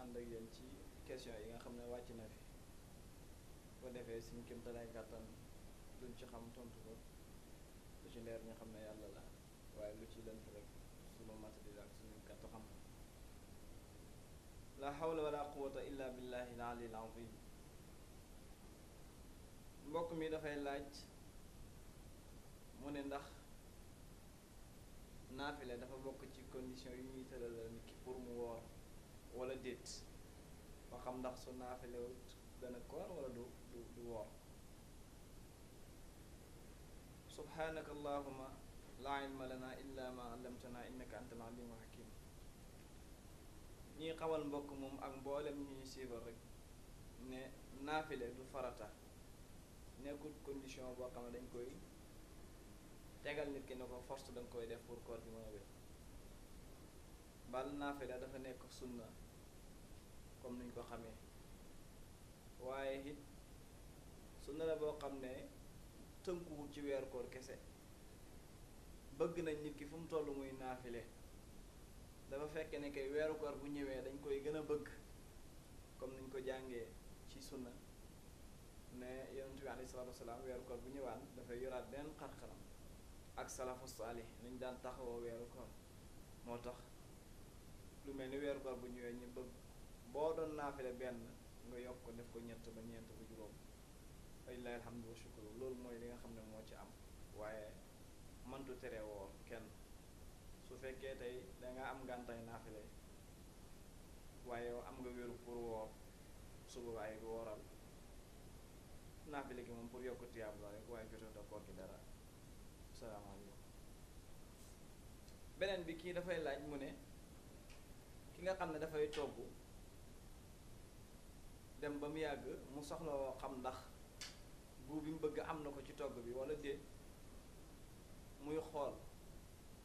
ànd ak yéen ci question yi nga xam ne wàcc na fi bu ko defee suñu kéem dalay kàttan luñ ci xam tontu ko lu ci leer ñu xam ne yàlla la waaye lu ci lënt rek suñu matériel ak suñu kàttu xam la hawla wala quwata illa billahi al aliyyil azim mbokk mi dafay laaj mu ne ndax naafile dafa bokk ci condition yu ñuy tëralal nit ki pour mu woor wala déet ba xam ndax su naafilewut dana koor wala du du du woor subhanaka allahuma laa ilma lana illa ma allamtana innaka anta al alimu hakim ñuy xamal mbokk moom ak mboolem ñuy siibar rek ne naafile du farata nekkul condition boo xam ne dañ koy tegal nit ki ne ko force danga koy def pour koor gi mën a wér bal naafile dafa nekk sunna comme nuñ ko xamee waaye it sunna la boo xam ne tënkuwul ci weer koor kese bëgg nañ nit ki fu mu toll muy naafile dafa fekk ne kay weeru koor bu ñëwee dañ koy gën a bëgg comme niñ ko jàngee ci sunna ne yonent bi alayhi salaatu wasalaam weeru koor bu ñëwaan dafay yoraat benn xar-xaram ak salafu saalih niñ daan taxawoo weeru koor moo tax lu mel ni weeru koor bu ñëwee ñu bëgg boo doon naafile benn nga yokk ko def ko ñett ba ñeent ba juróom lillahi alhamdu wa loolu mooy li nga xam ne moo ci am waaye mantu tere woor kenn su fekkee tey danga am ngàntay naafile waaye am nga wéru pour woor suba waaye wooral naafile gi moom pour yokk tiyaab la rek waaye jotee da koor gi dara salaamaaleykum beneen bi kii dafay laaj mu ne ki nga xam ne dafay togg dem ba mu yàgg mu soxla woo xam ndax bu bi mu bëgg am na ko ci togg bi wala déet muy xool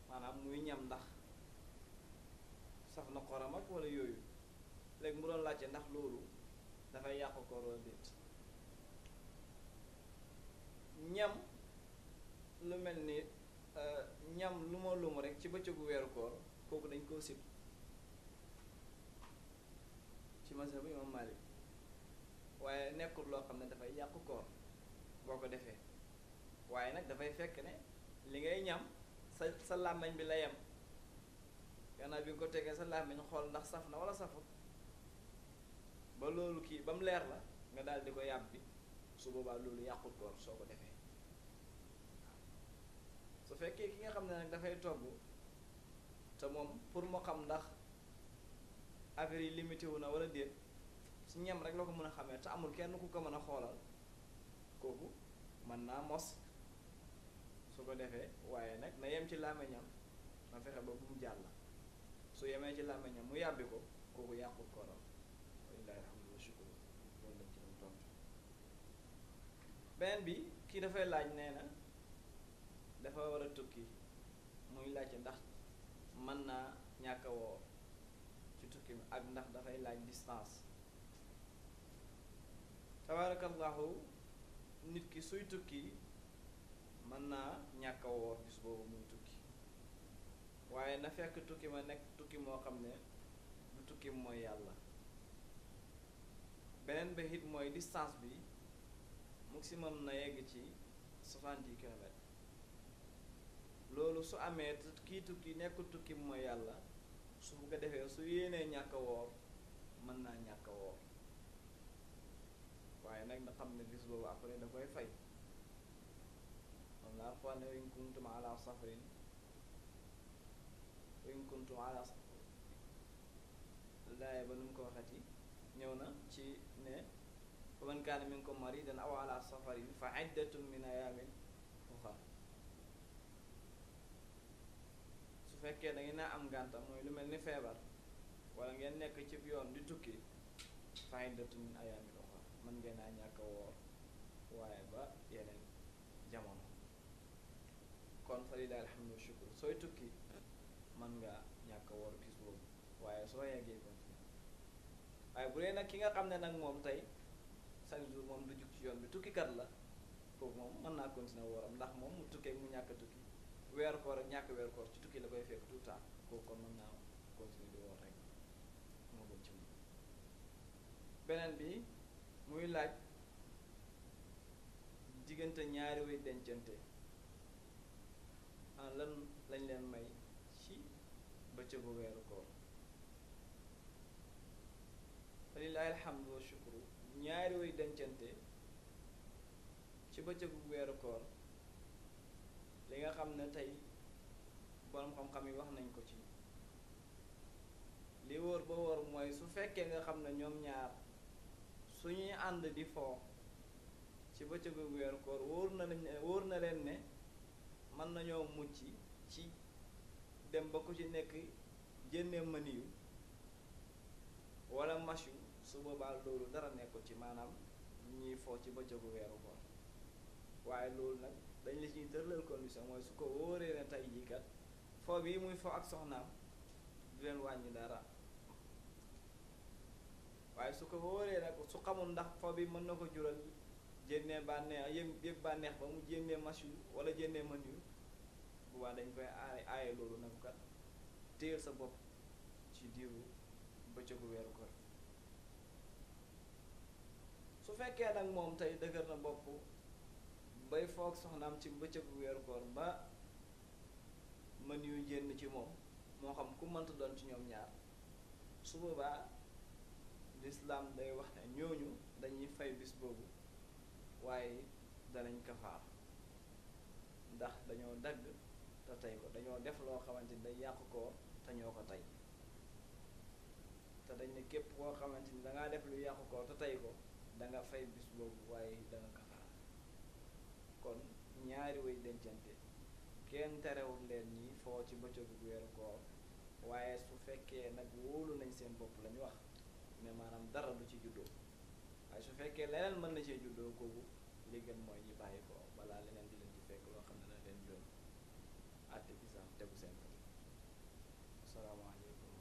maanaam muy ñam ndax saf na xorom ak wala yooyu léegi mu doon laajte ndax loolu dafay yàqu koor wala déet ñam lu mel ni euh, ñam lu ma lumu rek ci bëccëgu weeru koor kooku dañ koo sib ci mazhabu ma Malik nekkul loo xam ne dafay yàqu koor boo ko defee waaye nag dafay fekk ne li ngay ñam sa sa làmmiñ bi la yem gannaaw bi nga ko tegee sa làmmiñ xool ndax saf na wala safut ba loolu kii ba mu leer la nga daal di ko bi su boobaa loolu yàqu koor soo ko defee su fekkee ki nga xam ne nag dafay togg te moom pour mu xam ndax affaire yi limité wu na wala déet ci ñam rek loo ko mën a xamee te amul kenn ku ko mën a xoolal kooku mën naa mos su ko defee waaye nag na yem ci làmmiñam na fexe ba bu mu jàll su yemee ci làmmiñam mu yàbbi ko kooku yàqul kooram wallaahi alhamdulilah beneen bi kii dafay laaj nee na dafa war a tukki muy laajte ndax mën naa ñàkk a ci tukki mi ak ndax dafay laaj distance tabaarakallahu nit ki suy tukki mën naa ñàkk a woor boobu muy tukki waaye na fekk tukki ma nekk tukki moo xam ne du tukki mooy yàlla beneen ba it mooy distance bi maximum na yegg ci 70 kilomètres loolu su amee kii tukki nekk tukki mooy yàlla su bu ko defee su yéenee ñàkk woor mën naa ñàkk woor waaye nag na xam ne bis boobu après da koy fay moom laa xool ne in kuntum safarin in kuntum ala ba nu mu ko waxati ñëw na ci ne fa man kaana minkum maridan aw ala safarin fa iddatun min ayaamin uxar su fekkee da ngeen a am gànta mooy lu mel ni feebar walla ngeen nekk ci yoon di tukki fa iddatun min ayaamin mën ngeen a ñàkk a woor waaye ba yeneen jamono kon fa lillahi alhamdu shukur sooy tukki mën nga ñàkk a woor bis boobu waaye soo yeggee continuer waaye bu dee nag ki nga xam ne nag moom tey chaque jour moom du jug ci yoon bi tukkikat la kooku moom mën naa continuer wooram ndax moom mu tukkee mu ñàkk tukki weer koor ak ñàkk weer koor ci tukki la koy fekk tout temps kooku kon mën naa continuer di woor rek moo gën ci moom beneen bi muy laaj diggante ñaari way dencante ah lan lañ leen may ci bëccëgu weeru koor walilahi alhamdu wa shukru ñaari way dencante ci bëccëgu weeru koor li nga xam ne tey borom xam-xam yi wax nañ ko ci li wóor ba wóor mooy su fekkee nga xam ne ñoom ñaar su ñuy ànd di foo ci bëccëgu weeru koor wóor na lañ wóor na leen ne mën nañoo mucc ci dem ba ku ci nekk jëndee mëniyu wala machu su boobaa loolu dara nekkul ci maanaam ñuy foo ci bëccëgu weeru koor waaye loolu nag dañ la ciy tërlal condition mooy su ko wóoree ne tey jii kat foo bii muy foo ak soxnaam du leen wàññi dara. waaye su ko wóoree nag su xamul ndax fa bi mën na ko jural jénnee bànneex yëg yëg bànneex ba mu jénnee machu wala jénnee mën yu boobaa dañ koy aaye aaye loolu nag kat téyel sa bopp ci diiru bëccëgu weeru koor su fekkee nag moom tey dëgër na bopp bay foog soxnaam ci bëccëgu weeru koor ba mën yu jénn ci moom moo xam ku mënt doon ci ñoom ñaar su lislaam day wax ne ñooñu dañuy fay bis boobu waaye danañ kafaar ndax dañoo dagg te tey ko dañoo def loo xamante ni day yàq koor te ñoo ko tey te dañ ne képp koo xamante ni dangaa def lu yàq koor te tey ko danga fay bis boobu waaye danga kafaar kon ñaari way dencante kenn terewul leen ñi foo ci bëccëgu weeru koor waaye su fekkee nag wóolu nañ seen bopp lañu wax mais maanaam dara du ci juddoo waaye su fekkee leneen mën na cee juddoo kooku li gën mooy ñu bàyyi ko balaa leneen di leen di fekk loo xam ne dana leen doon àtte bi sax tegu seen kaw asalaamaaleykum